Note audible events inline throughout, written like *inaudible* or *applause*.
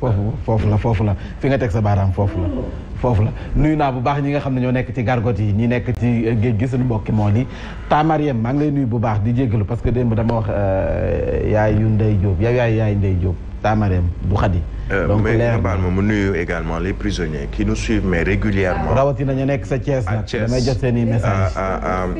foofu foofu la foofu la fi nga teg sa baaraam foofu la foofu nuyu naa bu baax ñi nga xam ne ñoo nekk ci gargot yi ñi nekk ci euh, géej gi suñu mbokki mool yi Tamariem maa ngi lay nuyu bu baax di jéggalu parce que démb dama wax euh, yaay yu Ndey Jóob yaay yaay Ndey Jóob Tamareem du xadi. Euh, donc leer na mais mu nuyu également les prisonniers qui nous suivent mais régulièrement. rawatina ñu nekk sa Thiès nag damay jot seen i messages.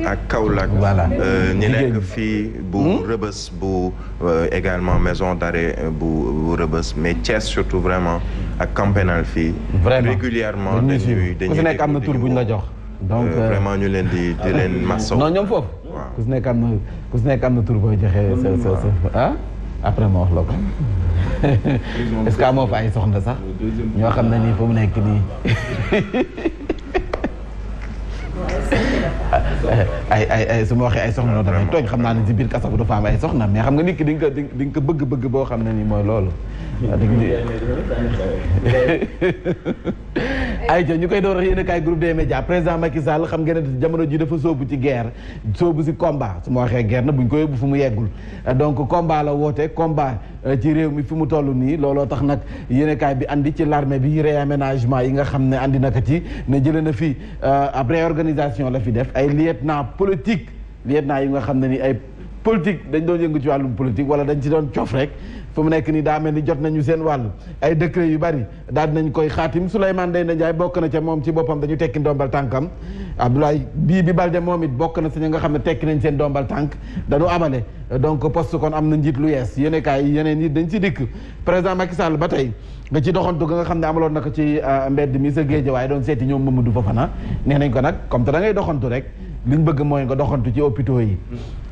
ak Kaolack. voilà euh, ñu nekk fii bu hmm? Rëbës bu euh, également maison d'arrêt bu Rëbës mais Thiès surtout vraiment ak Camp Pénal fii. vraiment régulièrement dañuy dañuy ku si nekk am na tur bu ñu la jox. donc vraiment ñu leen di di *laughs* leen foofu. waaw ku si nekk am na ku si nekk am na tur joxe ah? après ma wax la *laughs* est-ce que amoo fa ay soxna sax ñoo xam ne nii fa mu nekk nii *laughs* ay ay ay su ma waxee ay soxna loolu damay tooñ xam naa ne ci biir kaso dafa am ay soxna mais xam nga nit ki di nga ko di ko bëgg-bëgg boo xam ne nii mooy loolu. *laughs* ay ñu koy door a yéen a kaay groupe des médias président Macky Sall xam ngeen ne jamono ji dafa sóobu ci guerre sóobu si combat su ma waxee guerre na ñu koy yóbbu fu mu yeggul donc combat la woote combat euh, ci réew mi fu mu toll nii looloo tax nag yéen kaay bi andi ci larme bi réaménagement yi nga xam ne andi naka ci ne jëlee na fi euh, ab organisation la fi def ay lieutenant politique lieutenant yi nga xam ne ni ay politique dañ doon yëngu ci wàllum politique wala dañ ci doon cof rek fu mu nekk nii daa mel ni jot nañu seen wàll ay décret yu bari daal dinañ koy xaatim Souleymane Ndéné Ndiaye bokk na ca moom ci boppam dañu tekki ndombal tànkam Abdoulaye bii bi Baldé moom it bokk na si ñi nga xam ne tekki nañ seen ndombal tànk dañu abale donc poste kon am na njiit lu yees yéen kaay yeneen yi dañ ci dikk président Macky Sall ba tey nga ci doxantu nga xam ne amaloon na ko ci euh, mbedd mi sa géej waaye doon seeti ñoom Mamadou Fofana nee nañ ko nag comme te da ngay doxantu rek li ñu bëgg mooy nga doxantu ci hôpitaux yi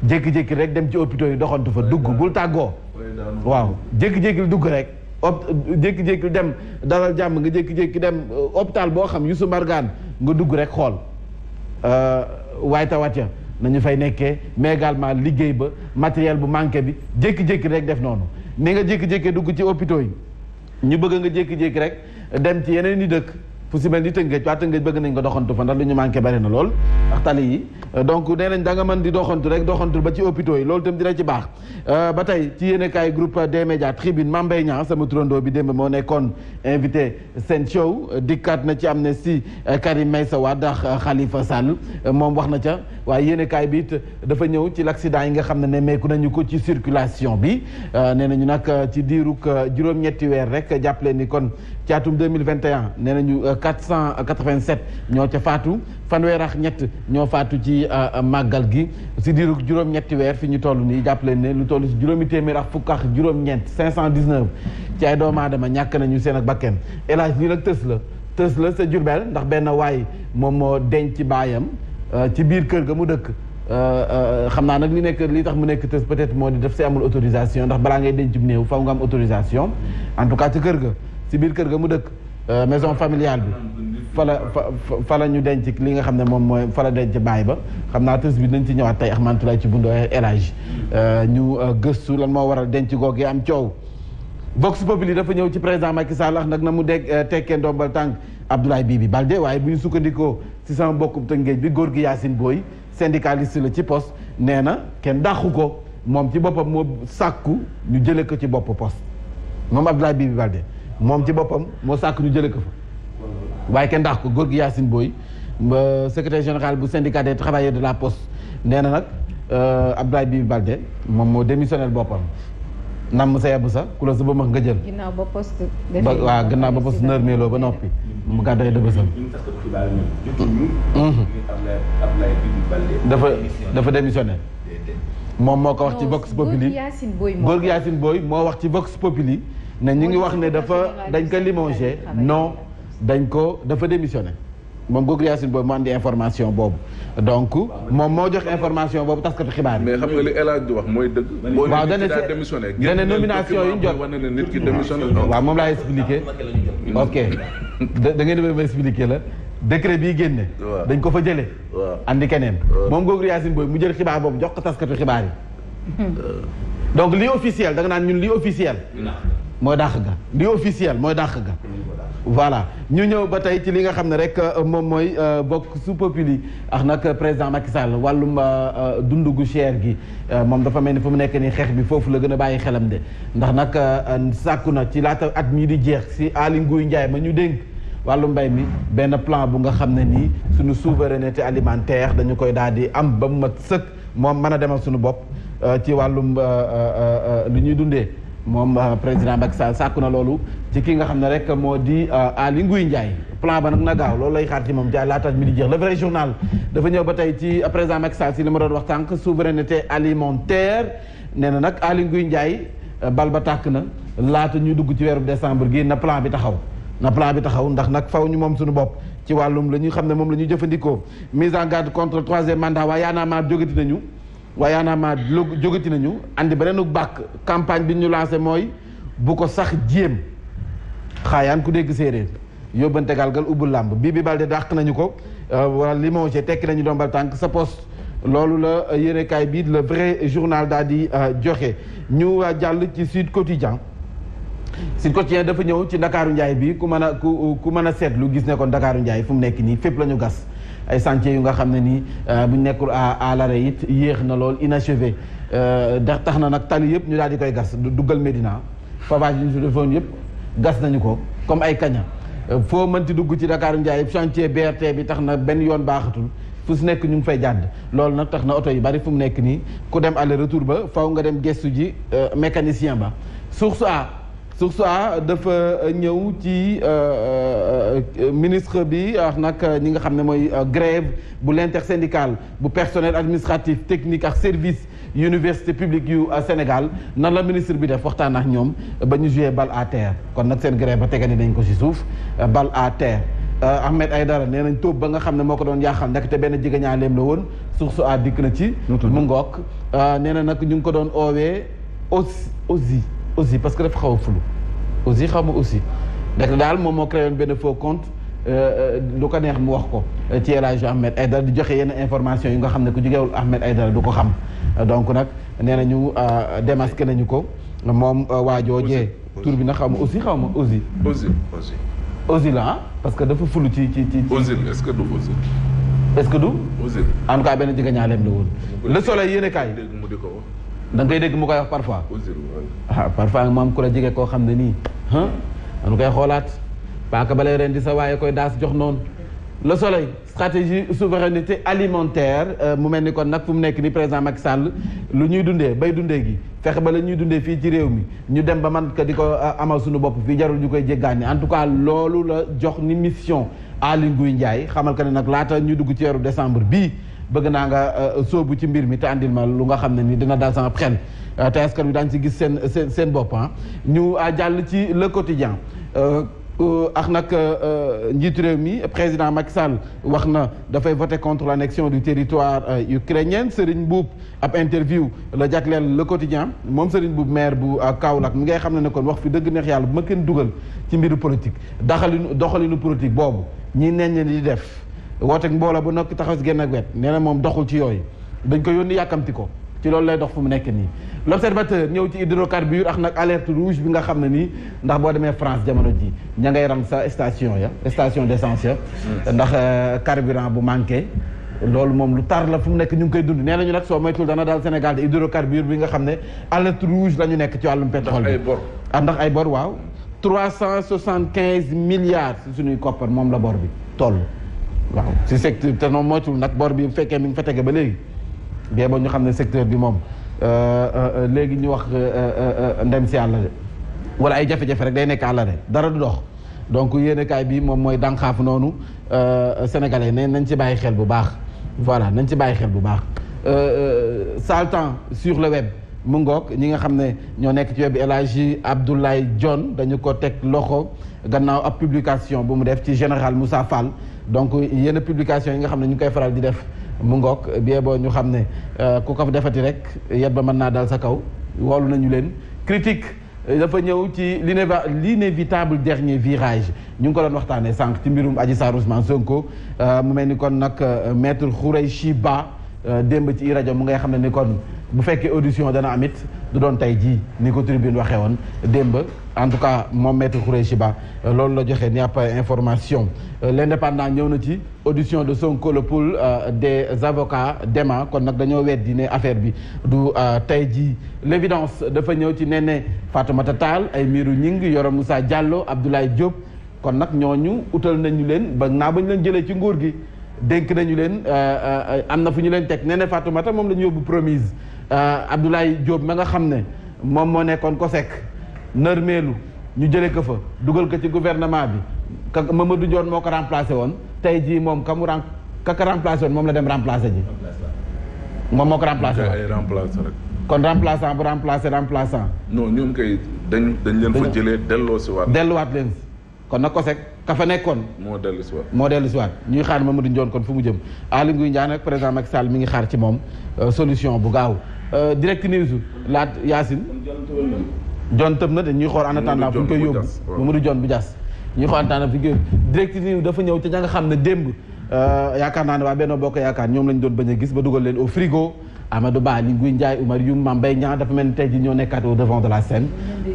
jékki-jékki rek dem ci hôpitaux yi doxantu fa dugg bul tàggoo waaw jékki-jékki dugg rek op jékki-jékki dem dalal jàmm nga jékki-jékki dem euh, hôpital boo xam Youssou Mbargane nga dugg rek xool euh, waaye tawat ya nañu fay nekkee mais également liggéey ba matériel bu manqué bi jékki-jékki rek def noonu ni nga jékki-jékki dugg ci hôpitaux yi ñu bëgg nga jékki-jékki rek dem ci yeneen i dëkk fu si mel ni Tëngéej waa Tëngéej bëgg nañ ko doxantu fa ndax li ñu manqué bari na lool ndax tali yi euh, donc nee nañ danga nga mën di doxantu rek doxantu ba ci hôpitaux yi loolu itam dina ci baax euh, ba tey ci yéen kaay groupe des médias tribune Mame Mbaye Niang sama turandoo bi démb moo nekkoon invité seen show dikkaat na ci am ne si euh, Karim may Wade ndax Khalifa Sall moom wax na ca waaye yéen kaay bi it dafa ñëw ci l' accident yi nga xam ne ne meeku nañu ko ci circulation bi nee nañu nag ci diirug juróom-ñetti weer rek jàppale ni kon ci atum 2021 nee nañu 487 euh, ñoo ca faatu fanweer ñett ñoo faatu ci euh, euh, màggal gi si diiru juróom-ñetti weer fi ñu toll nii jàpp leen ne lu toll si juróomi téeméer ak fukk ak juróom-ñeent 519 ci ay doomu ñàkk nañu seen ak bakken El Hadj lii nag tës la tës la sa Jurbel ndax benn waay moom moo denc baayam ci biir kër ga mu dëkk. xam naa nag li nekk li tax mu nekk tës peut-être moo di def si amul autorisation ndax balaa ngay denc néew faw nga am autorisation en tout cas ci kër ga. si biir kër ga mu dëkk euh, maison familiale bi fala fa la ñu denc li nga xam ne moom mooy fa la denc baay ba xam naa tës bi nañ ci ñëwaat tey Axmaan Tulaay ci bundo élage euh, ñu euh, gëstu lan moo waral denc goog yi am coow vox populi dafa ñëw ci président Macky Sall nag na mu dégg tekkee ndombal tànk bii bi Baldé waaye bu ñu sukkandikoo si sama bokkub Tëngéej bi góor gi Yacine Boye syndicaliste la ci pos nee na kenn dàqu ko moom ci boppam moo sàkku ñu jëlee ko ci bopp poste moom Abdoulaye Bibi Baldé moom ci boppam moo sàkk ñu jële ko fa waaye kenn ndax ko góor gi Yacine Boye secrétaire général bu syndicat de la poste nee na nag euh, Abdoulaye Bibi Baldé moom moo démissionnel boppam nam sa yàbb sa ku sa ba max nga jël. ginnaaw ba poste. ba ba poste nërmeeloo ba noppi. mu gàdday dëgg mm-hmm. Mm-hmm. dafa dafa moom moo ko wax ci Vox Populi góor gi Yacine booy moo wax ci Vox Populi ne ñu ngi wax ne dafa dañ ko limogé non dañ ko dafa démissionné moom googu Yacine boobu mu andi information boobu donc moom moo jox information boobu taskatu xibaar yi. mais xam nga li El wax mooy dëgg. waaw dana dana nomination yi ñu jot nit ki démissionné waaw moom laa expliqué. ok da ngeen di ma expliqué la. décret bii génne. dañ ko fa jëlee. andi keneen. moom googu Yacine mu jël xibaar boobu jox ko taskatu xibaar yi. *laughs* donc li officiel danga naan ñun li officiel. mooy dàq ga li officiel mooy dàq ga voilà ñu ñëw ba tey ci li nga xam ne rek euh, moom mooy euh, bokk su populi ak nag président Macky Sall wàllum euh, dund gu cher gi moom dafa mel ni fu mu nekk nii xeex bi foofu la gën a bàyyi xelam de ndax nag sàkku na ci laata at mii di jeex si Aly Ngouille Ndiaye ma ñu dénk wàllu mbay mi benn plan bu nga xam ne nii suñu souveraineté alimentaire dañu koy daal di am ba mu mat sëkk moom mën a demal suñu bopp ci wàllum lu ñuy dundee moom euh, président Macky Sall sàkku na loolu ci kii nga xam ne rek moo di euh, Aly Ngouille Ndiaye plan ba nag na gaaw loolu lay xaar ci moom jaay laata mi di jeex le vrai journal dafa ñëw ba tey ci président Macky Sall si li ma doon wax tànk souveraineté alimentaire nee na nag Aly Ngouille Ndiaye euh, bal ba tàkk na laata ñuy dugg ci weeru decembre gi na plan bi taxaw na plan bi taxaw ndax nag faw ñu moom suñu bopp ci wàllum la ñu xam ne moom la ñu jëfandikoo mise en garde contre troisième waa yaanaa maa jógati nañu waayaanaamaa loo jógati nañu andi beneen bàkk campagne bi ñu lancé mooy bu ko sax jéem xaayaan ku dégg séeréer yóbbante galgal ubbul làmb bii bi balde dàq nañu ko euh, wala limogé tekki nañu doom dombal tànk sa poste loolu la euh, yéenekaay bi la vrai journal daal di euh, joxe ñu jàll ci Sud Quotidien Sud Quotidien dafa ñëw ci Ndakaaru Njaay bi ku mën a ku ku mën a seetlu gis ne kon Ndakaaru Njaay fu mu nekk nii fépp la ñu gas ay chantier yu nga xam ne nii euh, bu nekkul à l'arrêt it yéex na lool inachevé euh, da tax na nag tali yëpp ñu daal di koy gas duggal Médina pavage yi ñu su defoon yëpp gas nañu ko comme ay kaña euh, foo mënti dugg ci Dakar Ndiaye chantier berte bi tax na benn yoon baaxatul fu su nekk ñu ngi fay jàdd loolu nag tax na oto yi bari fu mu nekk nii ku dem aller retour ba faw nga dem gestu ji mécanicien ba source a sur ça dafa euh, ñëw ci euh, euh, ministre bi ak nag ñi nga xam ne mooy grève bu l'intersyndicale bu personnel administratif technique ak service université publique yu Sénégal nan la ministre bi def waxtaan ak ñoom ba ñu joué balle à terre kon nag seen grève ba tegani nañ ko ci suuf balle à terre Ahmed Aïdara nee nañ tóob ba nga xam ne moo ko doon yaaxal ndax te benn jegeñaaleem la woon suuf su a dikk na ci mu ngook nee na nag ñu ngi ko doon oowee aussi aussi aussi parce que dafa xaw fulu aussi xaw ma aussi ndax daal moom moo créé benn foo compte euh, euh, lu ko neex mu wax ko ci euh, El Hadj Ahmed Aïdara di joxe yenn information yi nga xam ne ku jugewul Ahmed Aïdara du ko xam donc nag nee nañu démasqué nañu ko moom waajoojee tur bi nag xaw ma aussi xaw ma aussi aussi la ah parce que dafa fulu ci ci ci est-ce que du aussi est-ce que du en tout cas benn jigéen ñaaleem la woon le soleil yéen a kaay da ngay dégg mu koy wax parfois. ah parfois moom am ku la jege koo xam ne nii. dañu koy xoolaat paaka ba lay ren sa waaye koy daas jox noonu. le soleil stratégie souveraineté alimentaire euh, mu mel ni kon nag fu mu nekk ni président Macky Sall lu ñuy dundee bay dundee gi fexe ba la ñuy dundee fii ci réew mi ñu dem ba man ka di ko euh, amal suñu bopp fii jarul ñu koy jéggaani en tout cas loolu la jox ni mission Aly Ngouille Ndiaye xamal ko ne nag laata ñu dugg ci weeru décembre bii. bëgg naa nga euh, soobu ci mbir mi te andil ma lu nga xam ne ni dina daal sama xel euh, te askan wi daañu si gis seen seen seen bopp ah. ñu euh, jàll ci le quotidien ak nag njiitu réew mi président Macky Sall wax na dafay voter contre l'annexion du territoire ukrainien Serigne Mboup ab interview la jagleel le quotidien moom Serigne Mboup maire bu Kaolack mi ngay xam ne ne kon wax fi dëgg neex yàlla bu ma kenn dugal ci mbiru politique daxalinu doxalinu politique boobu ñi neñ ñi di def wooteeg mbooloo ba noppi taxaw si genn ak wet nee na moom doxul ci yooyu dañ ko yónni yàkkamti ko ci loolu lay dox fu mu nekk nii l' observateur ñëw ci hydrocarbure ak nag alerte rouge bi nga xam ne nii ndax boo demee France jamono ji ña ngay rang sa station ya station d' essence ya ndax euh, carburant bu manqué loolu moom lu tar la fu mu nekk ñu ngi koy dund nee nañu nag soo moytul dana daal Sénégal de hydrocarbure bi nga xam ne alerte rouge la ñu nekk ci wàllum pétrole bi ah ndax ay bor waaw trois cent soixante quinze milliards suñuy koppar moom la bor bi toll waaw ci secteur te noonu moytul nag bor bi bu fekkee bi ngi fa tege ba léegi bee ba ñu xam ne secteur bi moom euh, euh, euh, léegi ñu wax ndem si àll de wala ay jafe-jafe rek day nekk àlla de dara du dox donc yéenekaay bi moom mooy dànqaaf noonu sénégalais ne nañ ci bàyyi xel bu baax voilà nañ ci bàyyi xel bu baax saltan sur le web mu ngoog ñi nga xam ne ñoo nekk ci web bi El Hadji Abdoulaye John dañu ko teg loxo gannaaw ab publication bu mu def ci général Moussa Fall donc yenn publication yi nga xam ne ñu koy faral di def mu ngoog bien boo ñu xam ne euh, ku ko defati rek yet ba mën naa dal sa kaw woolu nañu leen critique euh, dafa ñëw ci l'inévitable dernier virage ñu ngi ko doon waxtaanee sànq ci mbirum Adji Sarr Ousmane Sonko euh, mu mel ni kon nag maître Khoureychi Ba démb ci i rajo mu ngay xam ne ni kon bu fekkee audition dana amit du doon tey jii ni ko tribune waxee woon démb en tout cas moom maître Khoureyssi Ba euh, loolu la joxe ni ab euh, information euh, l'indépendant ñëw na ci audition de Sonko le pool des avocats demain kon nag dañoo weddi ne affaire bi du tey jii l'évidence dafa ñëw ci nee ne Fatoumata Tall ay miiru ñing Yoro Moussa Diallo Abdoulaye Diop kon nag ñooñu utal nañu leen ba naa ba ñu leen jëlee ci nguur gi dénk nañu leen am na fu ñu leen teg nee ne Fatoumata moom la ñu yóbbu promise Euh, Abdoulaye Diop ma nga xam ne moom moo nekkoon ko sekk nërmeelu ñu jëlee ko fa dugal ko ci gouvernement bi ka Mamadou Ndione moo ko remplacé woon tey jii moom ka mu rem ka ko moom la dem remplacé ji. moom moo ko remplacé woon kon remplaçant bu remplacé remplaçant. non ñoom kay dañ dañ leen fa jëlee delloosiwaat. delluwaat leen kon nag COSEC ka fa nekkoon. moo delloosiwaat moo delloosiwaat ñuy xaar Mamadou Ndione kon fu mu jëm Aly Ngouille Ndiaye nag président Macky Sall mi ngi xaar ci moom euh, solution bu gaaw. Euh, direct news laat Yacine. John tëb na de ñuy xool en attendant fu ñu koy yóbbu Mamadou John bu Dias ñuy xool en attendant fu ñu koy direct news dafa ñëw ca ña nga xam ne démb euh, yaakaar naa ne waa Benno Bokk Yaakaar ñoom lañ doon bañ a gis ba dugal leen au frigo Amadou Ba li Guy Ndiaye Oumar Youm Mame Mbaye Niang dafa mel ni tey ñoo nekkaat au devant de la scène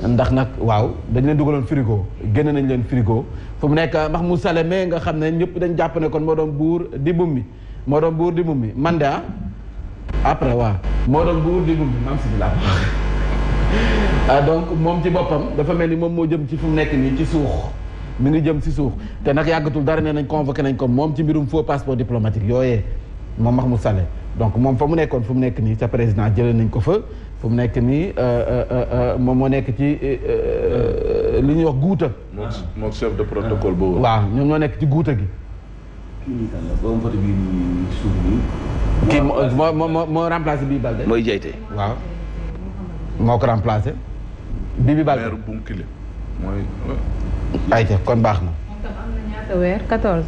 ndax nag waaw dañ leen dugaloon frigo génn nañ leen frigo fu mu nekk Mahmoud Saleme nga xam ne ñëpp dañ jàpp kon moo doon buur di mum moo doon buur di mi man de ah, après waa moo doon bu digum bi maam si bi laa ah donc moom ci boppam dafa mel ni moom moo jëm ci fu mu nekk nii ci suux mu ngi jëm si suux te nag yàggatul dara nee nañ convoqué nañ ko moom ci mbirum faux passeport diplomatique yooyee moom mu Saleh donc moom fa mu nekkoon fu mu nekk nii sa président jëlee nañ ko fa fu mu nekk nii euh, euh, euh, moom moo nekk ci li ñuy wax guuta moom chef de protocole boobu waaw ñoom ñoo nekk ci guuta gi kii kii euh, moo moo moo remplacé Bibi Baldé. mooy jeyte waaw. moo ko remplacé. Bibi Baldé maire Bunkile mooy. Euh. ayca kon baax na. am na ñaata weer 14.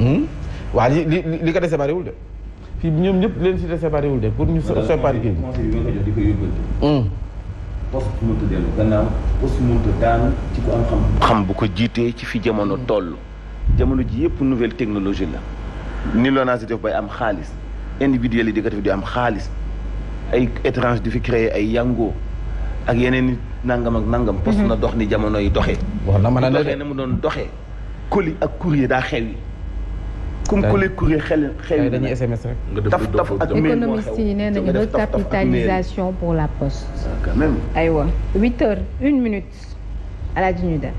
Hmm? waa li li li ko dese bariwul de. fii ñoom ñëpp leen si dese bariwul de pour ñu. séparé kii bi hmm. xam. bu ko jiitee ci fi jamono toll. jamono ji yëpp nouvelle technologie la. ni loo naa si def bay am xaalis. individuels yi di ko di am xaalis ay étrange di fi créer ay yango ak yeneen i nangam ak nangam. Mhm. poste na dox ni jamono yi doxee. wax na ma doxee na mu doon doxee. colis ak courrier daa xew yi. comme colis courrier xel xew yi dañuy SMS rek. taf taf ak mail économiste yi nee nañu recapitalisation pour la poste. Ah, aywa 8 heures 1 minute. alaaji ñu dem.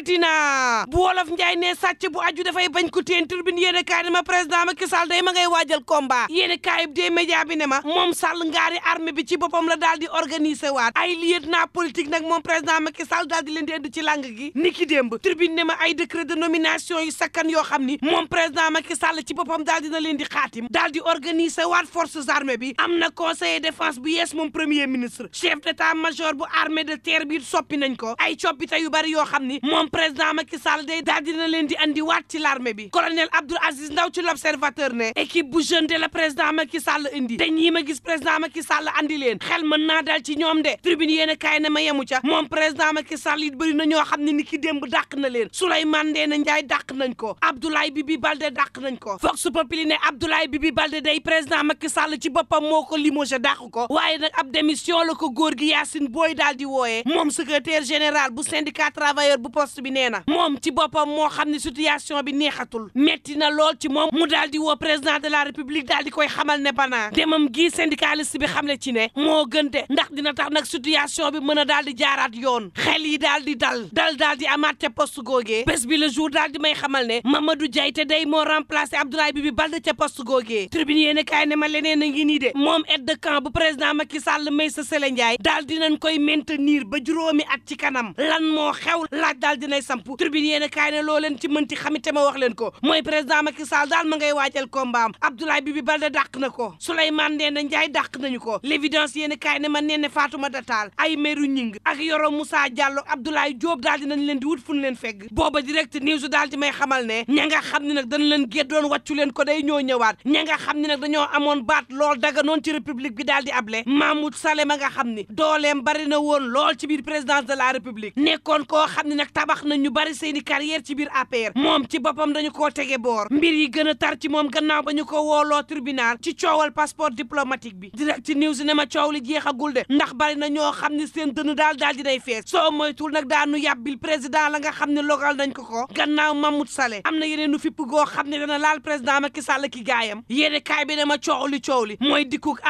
yëkkati naa bu wolof njaay ne sàcc bu aju dafay bañ ko teen turbine yéen kaay ne ma président Macky day ma ngay waajal combat yéen a kaay des média bi ne ma moom Sall ngaari armée bi ci boppam la daal di organiser waat ay liet naa politique nag moom président Macky Sall daal di leen di indi ci làng gi niki démb turbine ne ma ay décret de nomination yu sakkan yoo xam ni moom président Macky Sall ci boppam daal dina leen di xaatim daal di organiser waat forces armées bi am na conseiller défense bu yees moom premier ministre chef d'état major bu armée de terre soppi nañ ko ay coppite yu bari yoo xam ni moom président Macky Sall day leen di andi waat ci l'armée bi colonel Abdoul Aziz Ndaw ci l'observateur ne équipe bu jeune la président Macky Sall indi te ma gis président Macky Sall andi leen xel mën naa dal ci ñoom de tribune yéen a kaay na ma yemu ca moom président Macky Sall it na ñoo ni ki démb dàq na leen Souleymane Ndéné Ndiaye dàq nañ ko Abdoulaye Bibi Baldé dàq nañ ko Vox Populi ne Abdoulaye Bibi Baldé day président Macky Sall ci boppam moo ko limogé dàq ko waaye nag ab démission la ko góor gi Yacine Boy daal di wooyee moom secrétaire général bu syndicat travailleur bu poste ministre bi nee na moom ci boppam moo xam ne situation bi neexatul metti na lool ci moom mu daal di woo président de la république daal di koy xamal ne banaa demam gii syndicaliste bi xamle ci ne moo gënte ndax dina tax nag situation bi mën a daal di jaaraat yoon xel yi daal di dal dal daal di amaat ca poste googee bés bi le jour daal di may xamal ne Mamadou Diayte day moo remplacé Abdoulaye Bibi Baldé ca poste googee tribune yéen kaay ne ma leneen a ngi nii de moom aide de bu président Macky Sall Maïssa Sele Ndiaye daal dinañ koy maintenir ba juróomi at ci kanam lan moo xew laaj daal di nay samp tribune yéen a kaay loo leen ci mënti xamite ma wax leen ko moy président Macky Sall daal ma ngay waajal kombaam Abdoulaye Bibi Baldé dàq na ko Souleymane Ndéné Ndiaye dàq nañu ko l'évidence yéen a kaay ne ma nee ne Fatoumata Tall ay meru ñing ak Yoro Moussa Diallo Abdoulaye Diop daal dinañ leen di wut fu leen feg booba direct news daal di may xamal ne ña nga xam ne nag dañ leen géddoon wàccu leen ko day ñoo ñëwaat ña nga xam ne nag dañoo amoon baat lool daganoon ci république bi daal di able Mahmoud Saleh ma nga xam ni dooleem bari na woon lool ci biir présidence la république nekkoon koo xam ne nag tabax yàq ñu bari seeni carrière ci biir APR moom ci boppam dañu koo tege boor mbir yi gën a tar ci moom gannaaw ba ñu ko wooloo tribunal ci coowal passeport diplomatique bi direct news ne ma coow li jeexagul de ndax bari na ñoo xam ne seen dënn daal daal di day fees soo moytul nag daanu yàbbil président la nga xam ne logal nañ ko ko gannaaw Mahmoud Saleh am na yeneen nu fipp goo xam ne dana laal président Macky Sall ki gaayam yéene kaay bi ne ma coow li coow li mooy dikkuk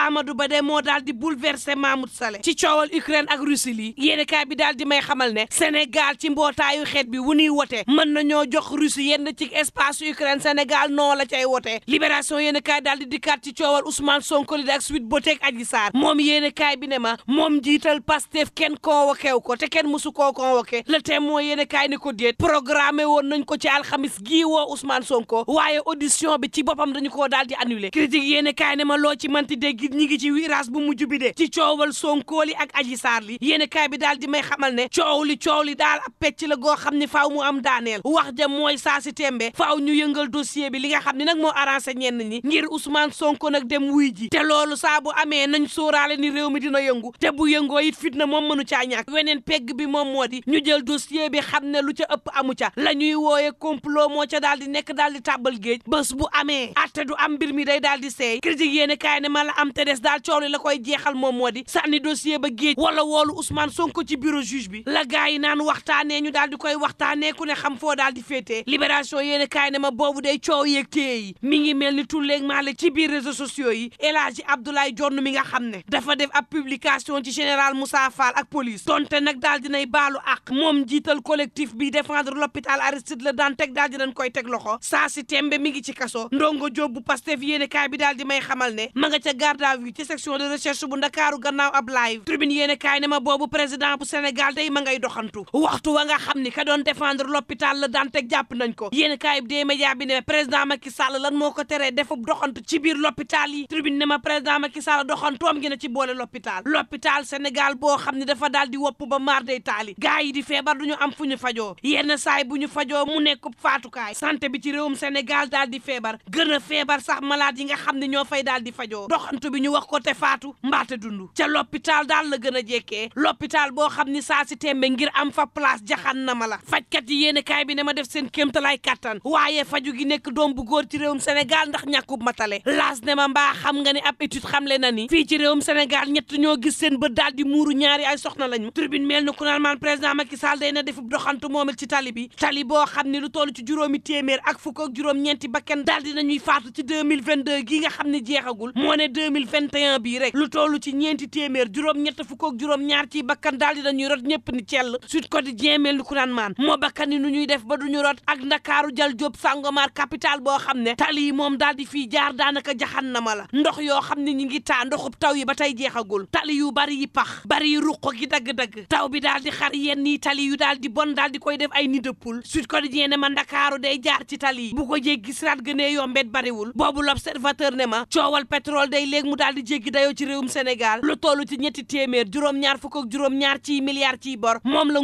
Ba moo daal di bouleversé Mahmoud Saleh ci coowal Ukraine ak Russie lii yéene kaay bi daal di may xamal ne Sénégal ci mbootaayu taxawaayu xeet bi wu ñuy wote mën nañoo jox Russie yenn ci espace Ukraine Sénégal noo la cay wote libération yéen kaay daal di dikkaat ci coowal Ousmane Sonko li ak suite ba teg Adji Sarr moom yéen kaay ko te kenn musu koo convoqué le ko déet programmé woon nañ ko ci alxamis gii woo Ousmane Sonko waaye audition bi ci boppam dañu koo daal di annulé critique yéen kaay ne ma loo ci manti dégg ñi ngi ci virage bu mujj bi de ci coowal Sonko li ak Adji Sarr li yéen kaay di may xamal ne coow li coow li daal ab pecc goo xam ni faaw mu am daaneel wax ja mooy saa tembe faaw ñu yëngal dossier bi li nga xam ni nag moo arrangé ñenn ñi ngir Ousmane Sonko nag dem wuy ji te loolu saa bu amee nañ sóoraale ni réew mi dina yëngu te bu yëngoo it fitna moom mënu caa ñàkk weneen peg bi moom moo di ñu jël dossier bi xam ne lu ca ëpp amu ca la ñuy wooye complot moo ca daal di nekk daal di tàbbal géej bés bu amee atte du am mbir mi day daal di seey critique yéen kaay ne ma am te des daal coow la koy jeexal moom moo di sànni dossier ba géej wala woolu Ousmane Sonko ci bureau juge bi koy waxtaanee ku ne xam foo daal di féetee libération yéen a ma boobu day coow yeeg téye mi ngi mel ni tulleeg maale ci biir réseaux sociaux yi El Hadji Abdoulaye Dione mi nga xam ne dafa def ab publication ci général Moussa Fall ak police donte nag daal dinay baalu ak moom jiital collectif bi défendre l'hôpital Aristide Le Dantec daal dinañ koy teg loxo saa si tembe mi ngi ci kaso ndongo Diop bu Pastef yéen kaay bi daal di may xamal ne ma nga ca garde à vue ci section gannaaw ab live tribune yéen kaay ma boobu président bu Sénégal day ma ngay doxantu waxtu wa xam ni ka doon défendre la daan teg jàpp nañ ko yéen kaay bi dee média bi ne président la Sall lan moo ko teree defub doxantu ci biir l'hôpital yi tribune ne ma président Macky Sall doxantoom ngi na ci boole l'hôpital l'hôpital Sénégal boo xam ne dafa daal di wopp ba maar day taali gars di feebar du ñu am fu ñu fajoo yenn saay bu ñu fajoo mu nekkub faatukaay santé bi ci réewum Sénégal daal di feebar gën a feebar sax malade yi nga xam ne ñoo fay daal di fajoo doxantu bi ñu wax ko te faatu mbaate dund ca l'hôpital daal la gën a jekkee l'hôpital boo xam ni saa si tembe ngir na ma la fajkat yi yéene kaay bi ne ma def seen kéemtalaay kàttan waaye faju gi nekk doom bu góor ci réewum Sénégal ndax ñàkkub matale laas ne ma mbaa xam nga ne ab étude xamle na ni fii ci réewum Sénégal ñett ñoo gis seen bët daal muuru ñaari ay soxna lañu tribune mel na ku naan maan président Macky day na def doxantu moomel ci tali bi tali boo xam ne lu toll ci juróom ñeenti bakkan daal nañuy faatu ci 2022 gi nga xam ne jeexagul moo Ranman moo bakkani nu ñuy def ba duñu rot ak ndakaaru jal jóob sàngomaar capital boo xam ne tali yi moom daal di fii jaar daanaka jaxan na ma la ndox yoo xam ne ñi ngi taa ndoxub taw yi ba tey jeexagul tali yu bari yi pax bari yu ruq gi dagg-dagg taw bi daal di xar yenn yi tali yu daal di bon daal di koy def ay ni de poule Sud Quotidien ne ma ndakaaru day jaar ci tali yi bu ko jéggi siraat gënee yombet bariwul boobu l'observateur ne ma coowal pétrole day léeg mu daal di jéggi dayoo ci réewum Sénégal lu tollu ci ñetti téeméer juróom-ñaar fukk ak juróom-ñaar ciy milliards ciy bor moom la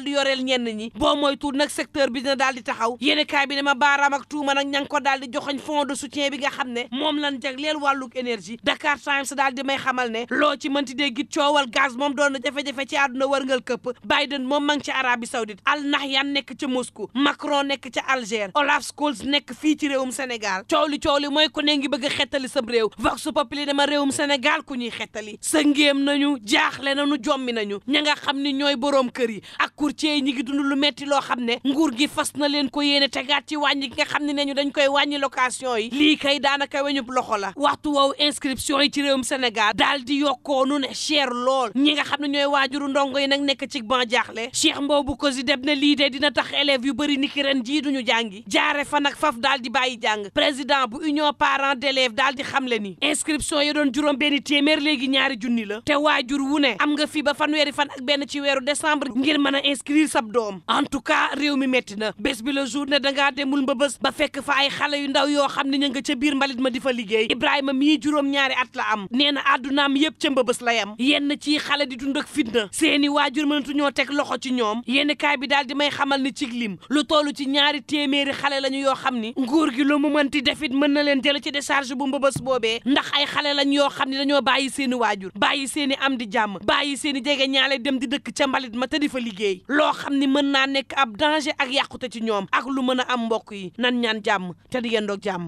daal di yoreel ñenn ñi boo moytuwul nag secteur bi dina daal di taxaw yéene kaay bi ne ma baaraam ak tuuma nag ña ngi ko daal di joxoñ fond de soutien bi nga xam ne moom lan jagleel wàlluk énergie Dakar Times daal di may xamal ne loo ci mënti déggit coowal gaz moom doon na jafe-jafe ci àdduna wërngal këpp Biden moom ma ngi ci Arabie Saoudite Al Nahyan nekk ca Moscou Macron nekk ca Alger Olaf Scholz nekk fii ci réewum senegal coow li coow li mooy ko ne ngi bëgg a xettali sam réew Vox Populi dama réewum Sénégal ku ñuy xettali sa ngéem nañu jaaxle nañu jommi nañu ña nga xam ni ñooy boroom kër yi courtier yi ñi ngi dund lu metti loo xam ne nguur gi fas na leen ko yéene tegaat ci wàññi gi nga xam ne neñu dañ koy wàññi location yi lii kay daanaka weñub loxo la waxtu woowu inscription yi ci réewum senegal daal di yokkoonu ne cher lool ñi nga xam ne ñooy waajuru ndongo yi nag nekk ci ban jaaxle Cheikh Mboobu ko si deb na lii de dina tax élèves yu bëri niki ren jii duñu jàngi jaare fa nag faf daal di bàyyi jàng président bu union parents d'élèves daal di xamle ni inscription yi doon juróom benn téeméer léegi ñaari junni la te waajur wu ne am nga fi ba fanweeri fan ak benn ci weeru décembre ngir mën a inscrire sab doom en tout cas réew mi métti na bés bi la journée dangaa demul mbëbës ba fekk fa ay xale yu ndaw yoo xam ne ña nga ca biir mbalit ma di fa liggéey Ibrahima mii juróom-ñaari at am nee na àddunaam yépp ca mbëbës la yam yenn ci xale di dund ak fitna seeni waajur mënatu ñoo teg loxo ci ñoom yenn kaay bi daal di may xamal ni ciglim lu tollu ci ñaari téeméeri xale lañu yoo xam ni nguur gi lu mu mënti defit mën na leen jël ci décharge bu mbëbës boobee ndax ay xale lañ yoo xam ne dañoo bàyyi seeni waajur bàyyi seeni am di jàmm bàyyi seeni jege ñaale dem di dëkk ca mbalit ma te di fa liggéey loo xam ni mën naa nekk ab danger ak yàqute ci ñoom ak lu mën a am mbokk yi nan ñaan jàmm te di yendoog jàmm